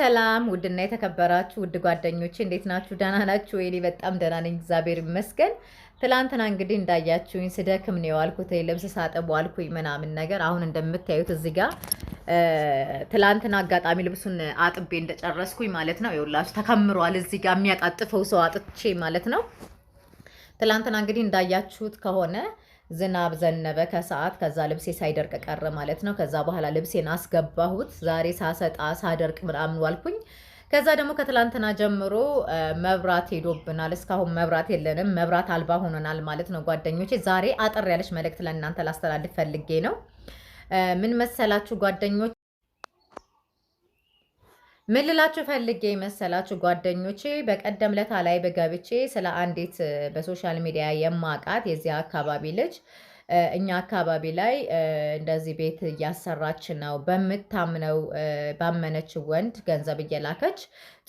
ሰላም ውድና የተከበራችሁ ውድ ጓደኞች እንዴት ናችሁ? ደህና ናችሁ? እኔ በጣም ደህና ነኝ፣ እግዚአብሔር ይመስገን። ትላንትና እንግዲህ እንዳያችሁኝ ስደክም ነው የዋልኩት፣ ልብስ ሳጥብ ዋልኩኝ ምናምን ነገር። አሁን እንደምታዩት እዚህ ጋር ትላንትና አጋጣሚ ልብሱን አጥቤ እንደጨረስኩኝ ማለት ነው የውላችሁ ተከምሯል። እዚህ ጋር የሚያጣጥፈው ሰው አጥቼ ማለት ነው። ትላንትና እንግዲህ እንዳያችሁት ከሆነ ዝናብ ዘነበ ከሰዓት። ከዛ ልብሴ ሳይደርቅ ቀረ ማለት ነው። ከዛ በኋላ ልብሴን አስገባሁት። ዛሬ ሳሰጣ ሳደርቅ ምናምን ዋልኩኝ። ከዛ ደግሞ ከትላንትና ጀምሮ መብራት ሄዶብናል። እስካሁን መብራት የለንም። መብራት አልባ ሆነናል ማለት ነው ጓደኞቼ። ዛሬ አጠር ያለች መልእክት ለእናንተ ላስተላልፍ ፈልጌ ነው። ምን መሰላችሁ ጓደኞች ምን ልላችሁ ፈልጌ መሰላችሁ ጓደኞቼ፣ በቀደም ለታ ላይ በገብቼ ስለ አንዲት በሶሻል ሚዲያ የማውቃት የዚያ አካባቢ ልጅ እኛ አካባቢ ላይ እንደዚህ ቤት እያሰራች ነው በምታምነው ባመነች ወንድ ገንዘብ እየላከች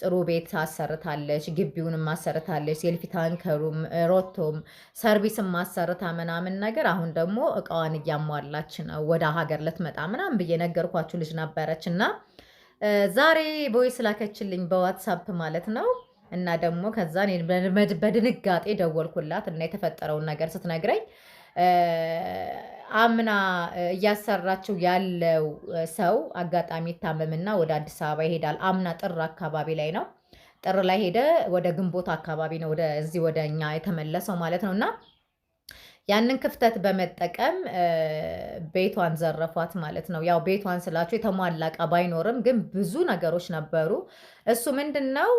ጥሩ ቤት አሰርታለች፣ ግቢውንም አሰርታለች፣ ሴልፊ ታንከሩም ሮቶም ሰርቪስም ማሰርታ ምናምን ነገር። አሁን ደግሞ እቃዋን እያሟላች ነው ወደ ሀገር ልትመጣ ምናምን ብዬ ነገርኳችሁ ልጅ ነበረች እና ዛሬ ቦይስ ላከችልኝ በዋትሳፕ ማለት ነው። እና ደግሞ ከዛ በድንጋጤ ደወልኩላት እና የተፈጠረውን ነገር ስትነግረኝ አምና እያሰራችው ያለው ሰው አጋጣሚ ይታመምና ወደ አዲስ አበባ ይሄዳል። አምና ጥር አካባቢ ላይ ነው። ጥር ላይ ሄደ ወደ ግንቦት አካባቢ ነው ወደዚህ ወደ እኛ የተመለሰው ማለት ነው እና ያንን ክፍተት በመጠቀም ቤቷን ዘረፏት ማለት ነው። ያው ቤቷን ስላቸው የተሟላ እቃ ባይኖርም ግን ብዙ ነገሮች ነበሩ። እሱ ምንድን ነው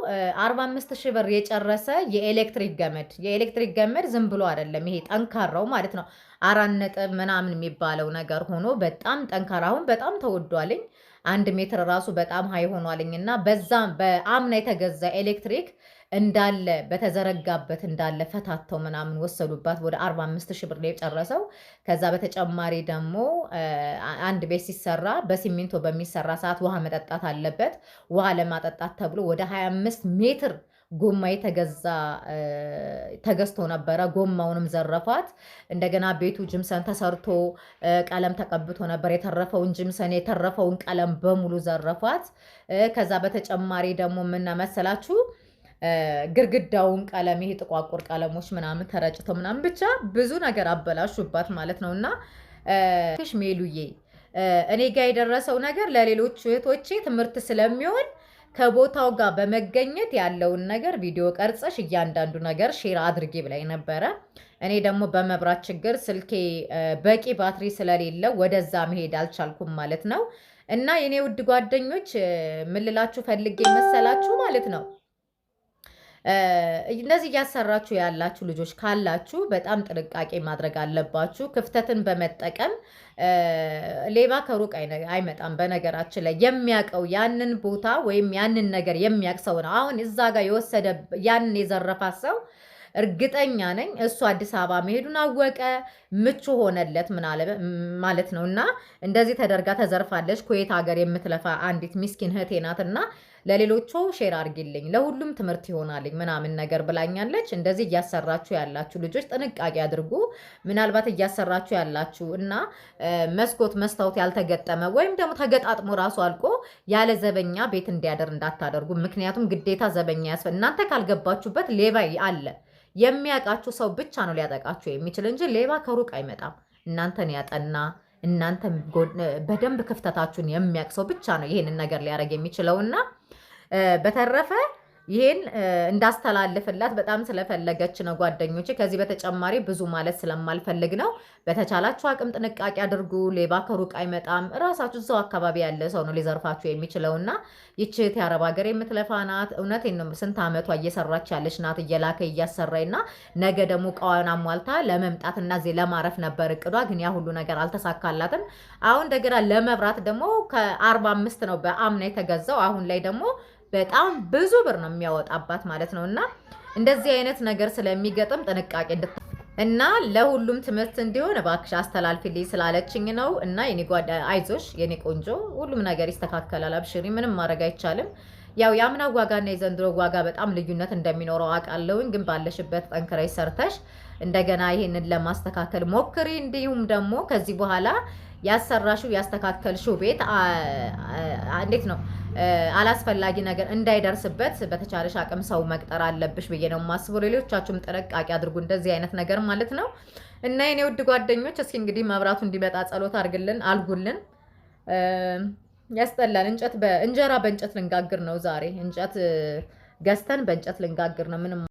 45 ሺህ ብር የጨረሰ የኤሌክትሪክ ገመድ። የኤሌክትሪክ ገመድ ዝም ብሎ አይደለም፣ ይሄ ጠንካራው ማለት ነው አራት ነጥብ ምናምን የሚባለው ነገር ሆኖ በጣም ጠንካራ አሁን በጣም ተወዷልኝ። አንድ ሜትር ራሱ በጣም ሀይ ሆኗልኝ እና በዛ በአምና የተገዛ ኤሌክትሪክ እንዳለ በተዘረጋበት እንዳለ ፈታተው ምናምን ወሰዱባት። ወደ 45 ሺህ ብር ላይ ጨረሰው። ከዛ በተጨማሪ ደግሞ አንድ ቤት ሲሰራ በሲሚንቶ በሚሰራ ሰዓት ውሃ መጠጣት አለበት። ውሃ ለማጠጣት ተብሎ ወደ 25 ሜትር ጎማ የተገዛ ተገዝቶ ነበረ። ጎማውንም ዘረፏት። እንደገና ቤቱ ጅምሰን ተሰርቶ ቀለም ተቀብቶ ነበር። የተረፈውን ጅምሰን የተረፈውን ቀለም በሙሉ ዘረፏት። ከዛ በተጨማሪ ደግሞ ምና መሰላችሁ ግርግዳውን ቀለም ይሄ ጥቋቁር ቀለሞች ምናምን ተረጭተው ምናምን ብቻ ብዙ ነገር አበላሹባት ማለት ነው። እና ሜሉዬ እኔ ጋር የደረሰው ነገር ለሌሎች እህቶቼ ትምህርት ስለሚሆን ከቦታው ጋር በመገኘት ያለውን ነገር ቪዲዮ ቀርጸሽ እያንዳንዱ ነገር ሼር አድርጌ ብላይ ነበረ። እኔ ደግሞ በመብራት ችግር ስልኬ በቂ ባትሪ ስለሌለው ወደዛ መሄድ አልቻልኩም ማለት ነው። እና የኔ ውድ ጓደኞች ምልላችሁ ፈልጌ መሰላችሁ ማለት ነው እነዚህ እያሰራችሁ ያላችሁ ልጆች ካላችሁ በጣም ጥንቃቄ ማድረግ አለባችሁ። ክፍተትን በመጠቀም ሌባ ከሩቅ አይመጣም። በነገራችን ላይ የሚያውቀው ያንን ቦታ ወይም ያንን ነገር የሚያውቅ ሰው ነው። አሁን እዛ ጋር የወሰደ ያንን የዘረፋ ሰው እርግጠኛ ነኝ እሱ አዲስ አበባ መሄዱን አወቀ። ምቹ ሆነለት ማለት ነው። እና እንደዚህ ተደርጋ ተዘርፋለች። ኩዌት ሀገር የምትለፋ አንዲት ሚስኪን እህቴ ናት። እና ለሌሎቹ ሼር አድርጊልኝ ለሁሉም ትምህርት ይሆናልኝ ምናምን ነገር ብላኛለች። እንደዚህ እያሰራችሁ ያላችሁ ልጆች ጥንቃቄ አድርጉ። ምናልባት እያሰራችሁ ያላችሁ እና መስኮት መስታወት ያልተገጠመ ወይም ደግሞ ተገጣጥሞ ራሱ አልቆ ያለ ዘበኛ ቤት እንዲያደር እንዳታደርጉ። ምክንያቱም ግዴታ ዘበኛ ያስፈ እናንተ ካልገባችሁበት ሌባ አለ የሚያውቃችሁ ሰው ብቻ ነው ሊያጠቃችሁ የሚችል እንጂ ሌባ ከሩቅ አይመጣም። እናንተን ያጠና እናንተን በደንብ ክፍተታችሁን የሚያውቅ ሰው ብቻ ነው ይህንን ነገር ሊያደርግ የሚችለውና በተረፈ ይሄን እንዳስተላልፍላት በጣም ስለፈለገች ነው ጓደኞች ከዚህ በተጨማሪ ብዙ ማለት ስለማልፈልግ ነው። በተቻላችሁ አቅም ጥንቃቄ አድርጉ። ሌባ ከሩቅ አይመጣም። እራሳችሁ እዛው አካባቢ ያለ ሰው ነው ሊዘርፋችሁ የሚችለውና ይች የአረብ ሀገር የምትለፋ ናት። እውነት ስንት ዓመቷ እየሰራች ያለች ናት። እየላከ እያሰራኝ እና ነገ ደግሞ እቃዋን አሟልታ ለመምጣት እና እዚህ ለማረፍ ነበር እቅዷ። ግን ያ ሁሉ ነገር አልተሳካላትም። አሁን እንደገና ለመብራት ደግሞ ከአርባ አምስት ነው በአምና የተገዛው አሁን ላይ ደግሞ በጣም ብዙ ብር ነው የሚያወጣባት ማለት ነው። እና እንደዚህ አይነት ነገር ስለሚገጥም ጥንቃቄ እና ለሁሉም ትምህርት እንዲሆን እባክሽ አስተላልፊልኝ ስላለችኝ ነው። እና የኔ ጓዳ አይዞሽ የኔ ቆንጆ፣ ሁሉም ነገር ይስተካከላል። አብሽሪ፣ ምንም ማድረግ አይቻልም። ያው የአምና ዋጋና የዘንድሮ ዋጋ በጣም ልዩነት እንደሚኖረው አውቃለሁኝ። ግን ባለሽበት ጠንክረሽ ሰርተሽ እንደገና ይህንን ለማስተካከል ሞክሪ። እንዲሁም ደግሞ ከዚህ በኋላ ያሰራሽው ያስተካከልሽው ቤት እንዴት ነው አላስፈላጊ ነገር እንዳይደርስበት በተቻለሽ አቅም ሰው መቅጠር አለብሽ ብዬ ነው የማስበው። ሌሎቻችሁም ጥንቃቄ አድርጉ፣ እንደዚህ አይነት ነገር ማለት ነው። እና የኔ ውድ ጓደኞች እስኪ እንግዲህ መብራቱ እንዲመጣ ጸሎት አድርግልን አልጉልን። ያስጠላል። እንጨት እንጀራ በእንጨት ልንጋግር ነው ዛሬ። እንጨት ገዝተን በእንጨት ልንጋግር ነው ምንም